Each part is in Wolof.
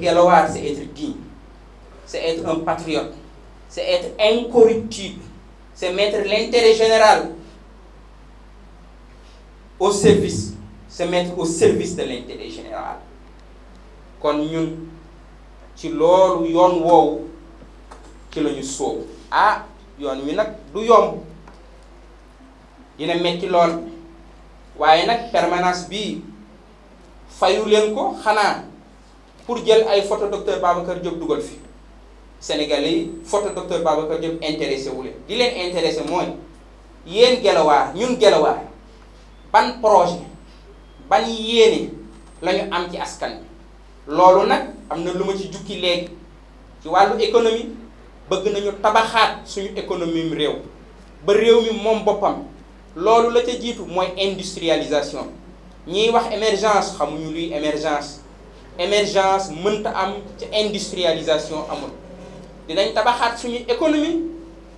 Guelwaar c'est être digne c'est être un patriote c'est être incorruptible c'est mettre l'intérêt général au service se mettre au service de l'intérêt général kon ñun ci loolu yoon woowu ci la ñu sóobu ah yoon wi nag du yomb dina metti lool waaye nag permanence bi fayuleen ko xanaa pour jël ay photo docteur Babacar Diop dugal fi sénégal yi photo docteur Babacar Diop intéressé wu leen di leen intéressé mooy yéen Guelwaar ñun Guelwaar ban projet ban yéene la ñu am ci askan bi loolu nag am na lu ma ci jukki léegi ci wàllu économie bëgg nañu tabaxaat suñu économie réew ba réew mi moom boppam loolu la ca jiitu mooy industrialisation ñiy wax émergence xamuñu luy émergence émergence mënta am ci industrialisation amul dinañ tabaxat suñu économie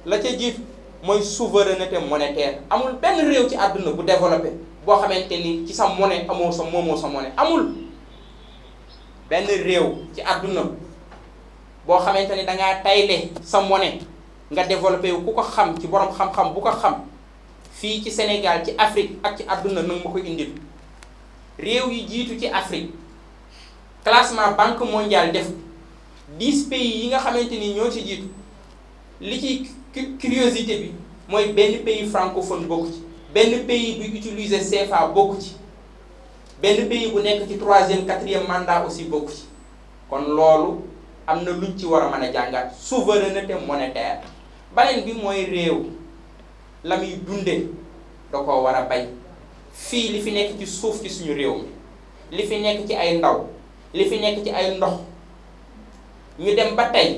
la ca jiit mooy souveraineté monétaire amul benn réew ci àdduna bu développé boo xamante ni ci sa monnaie amoo sa moomoo sa monnaie amul benn réew ci àdduna boo xamante ni dangaa tayle sa monnaie nga développé wu ku ko xam ci borom xam-xam bu ko xam fii ci Sénégal ci Afrique ak ci àdduna nag ma ko indil réew yi jiitu ci Afrique classement banque mondiale def dix pays yi nga xamante ni ñoo ci jiitu li ci curiosité bi mooy benn pays francophone bokk ci benn pays bu utiliser CFA bokk ci benn pays bu nekk ci troisième quatrième mandat aussi bokk ci kon loolu am na luñ ci war a mën a jàngat souveraineté monétaire beneen bi mooy réew la muy dunde da ko war a bay fii li fi nekk ci suuf ci suñu réew mi li fi nekk ci ay ndaw li fi nek ci ay ndox ñu dem ba tay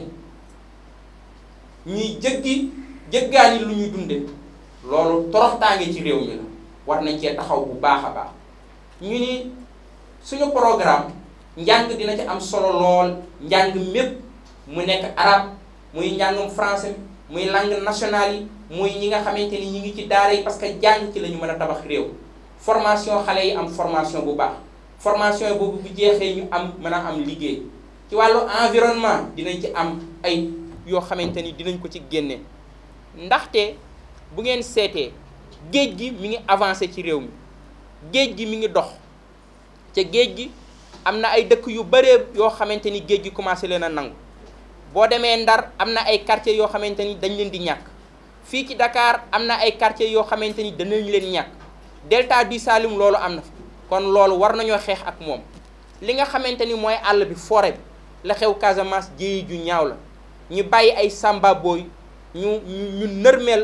ñuy jeggi jëggaani lu ñuy dunde loolu toroxtaange ci rew mi la war nañ ci taxaw bu baaxa baax ñu ni suñu programme njang dina ci am solo lol njang mepp mu nek arab muy njangum français muy langue nationale muy ñi nga xamanteni ñi ngi ci daara yi parce que jang ci lañu mëna tabax rew formation xalé yi am formation bu baax formation boobu bu jeexee ñu am mën a am liggéey ci wàllu environnement dinañ ci am ay yoo xamante ni dinañ ko ci génne ndaxte bu ngeen seetee géej gi mi ngi avancé ci réew mi géej gi mi ngi dox ca géej gi am na ay dëkk yu bëree yoo xamante ni géej gi commencé leen a nangu boo demee Ndar am na ay quartiers yoo xamante ni dañ leen di ñàkk fii ci Dakar am na ay quartiers yoo xamante ni danañ leen ñàkk delta du Saloum loolu am na fa kon loolu war nañoo xeex ak moom li nga xamante ni mooy àll bi forêt bi la xew Casamance jéeyi ju ñu bàyyi ay samba booy ñu ñu nërmeel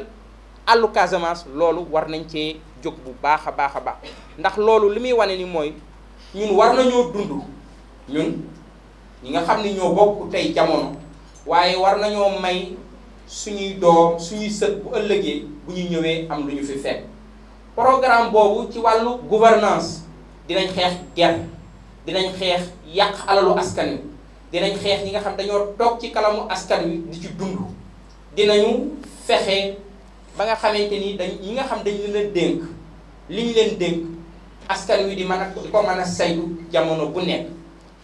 àllu Casamance loolu war nañ cee jóg bu baax a baax a baax ndax loolu li wane ni mooy ñun war nañoo dund ñun ñi nga xam ñoo bokk tey war nañoo may suñuy doom suñuy bu ëllëgee bu ñu ñëwee am fi programme boobu ci gouvernance dinañ xeex ger dinañ xeex yàq alalu askan wi dinañ xeex ñi nga xam dañoo toog ci kalamu askan wi di ci dund dinañu fexe ba nga xamante ni dañ ñi nga xam dañ leen dénk liñ leen dénk askan wi di mën a di ko man a saytu jamono bu nekk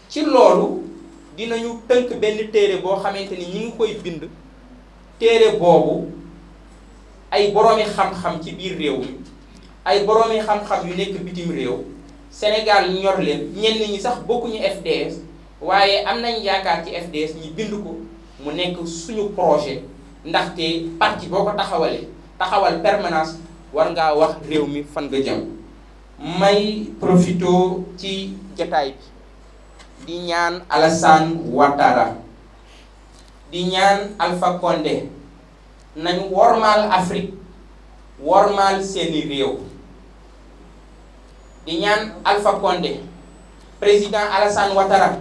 ci loolu dinañu tënk benn téere boo xamante ni ñu ngi koy bind téere boobu ay boroomi xam-xam ci biir réew mi ay boroomi xam-xam yu nekk bitim réew Sénégal ñor leen ñenn ñi sax bokkuñu FDS waaye am nañ yaakaar ci FDS ñi bind ko mu nekk suñu projet ndaxte parti boo ko taxawale taxawal permanence war ngaa wax réew mi fan nga jëm may profito ci jataay bi di ñaan Alassane Ouattara di ñaan Alpha Condé nañ wormaal Afrique wormaal seeni réew di ñaan Alpha Condé président Alassane Ouattara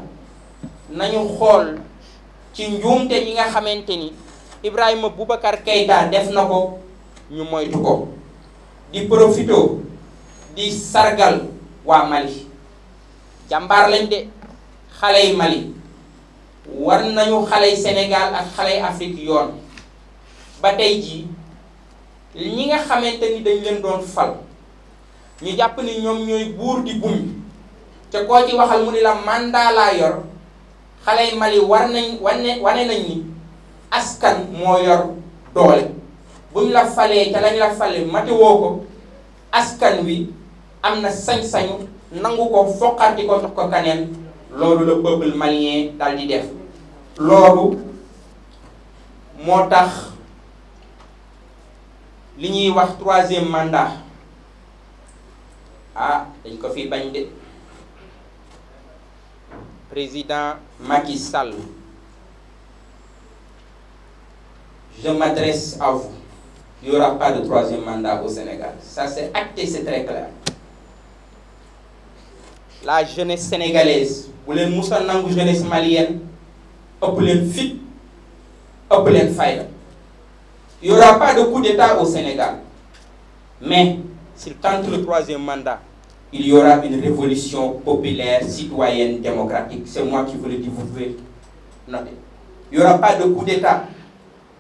nañu xool ci njuumte yi nga xamante ni Ibrahima Boubacar Keïta def na ko ñu moytu ko di profito di sargal waa Mali jàmbaar lañ de xale yi Mali war nañu xale yi Sénégal ak xale yi Afrique yoon ba tey jii ñi nga xamante ni dañ leen doon fal ñu jàpp ni ñoom ñooy buur di buñ te koo ci waxal mu ni la mandat laa yor xale Mali war nañ wane wane nañ ni askan moo yor doole buñ la falee ca lañ la fale mate ko askan wi am na sañ-sañu nangu ko foqarti ko kaneen loolu la peuple malien dal di def loolu moo tax li ñuy wax troisième mandat ah dañ de président Macky Sall je m'adresse à vous il n'y aura pas de troisième mandat au Sénégal ça c'est acté c'est très clair la jeunesse sénégalaise ou les musa nangou jeunesse malienne ëpp les fit Ou les fayda il n'y aura pas de coup d'état au Sénégal mais s'il tente le troisième mandat, il y aura une révolution populaire, citoyenne, démocratique. C'est moi qui vous le dis, vous pouvez noter. Il n'y aura pas de coup d'État,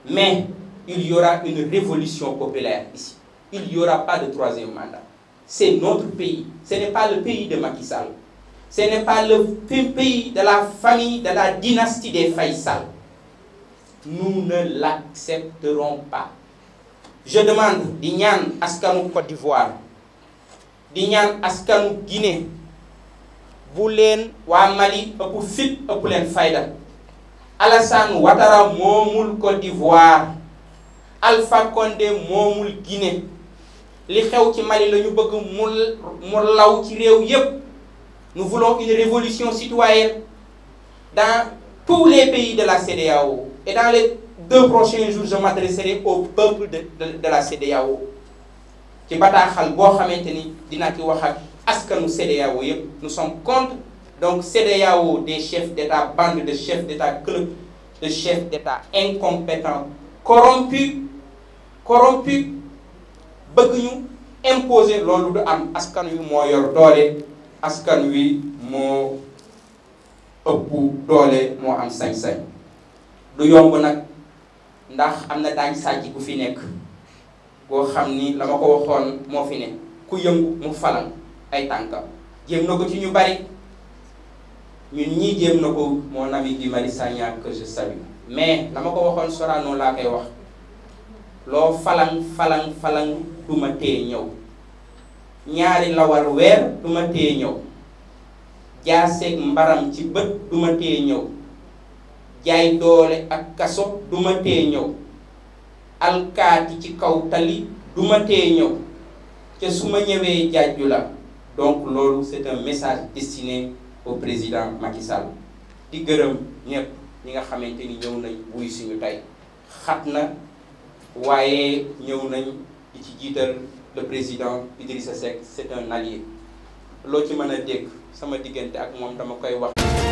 mais il y aura une révolution populaire ici. Il n'y aura pas de troisième mandat. C'est notre pays. Ce n'est pas le pays de Macky Ce n'est pas le pays de la famille, de la dynastie des Faïsal. Nous ne l'accepterons pas je demande Dignan ñaan askanu Côte d'Ivoire di ñaan Guinée Boulen wa Mali pour fit ëpp leen fayda Alassane Ouattara moomul Côte d'Ivoire Alpha Condé moomul Guinée li xew ci Mali la ñu bëgg mu nous voulons une révolution citoyenne dans tous les pays de la CEDEAO et dans les deux prochains jours je m'adresserai au peuple de de de la CEDEAO ci bataaxal boo xamante ni dina ci wax ak askanu CEDEAO yëpp nous sommes contre donc CEDEAO des chefs d'État bande de chefs d'État club de chefs d'État incompétents corrompus corrompus bëgg ñu imposer lolu du am askan yu mo yor doole askan wi mo ëpp doole mo am sañ-sañ du yomb nak ndax am na daañ sàcc bu fi nekk boo xam ni la ma ko waxoon moo fi ne ku yëngu mu falan ay tànkam jéem na ko ci ñu bari ñu ñii jéem na ko mon ami Guy Marius Sagna que je mais la ma ko waxoon Sorano laa koy wax loo falan falan falan du ma tee ñëw ñaari lawar weer du ma ñëw jaaseeg mbaram ci bët du ma tee ñëw jaay doole ak kaso du ma tee ñëw alkaati ci kaw tali du ma tee ñëw ca su ma ñëwee jaaju la donc loolu c'est un message destiné au président Macky Sall di gërëm ñëpp ñi nga xamante ni ñëw nañ wuy suñu tey xat na waaye ñëw nañ li ci jiital le président sa Seck c'est un allié loo ci mën a dégg sama diggante ak moom dama koy wax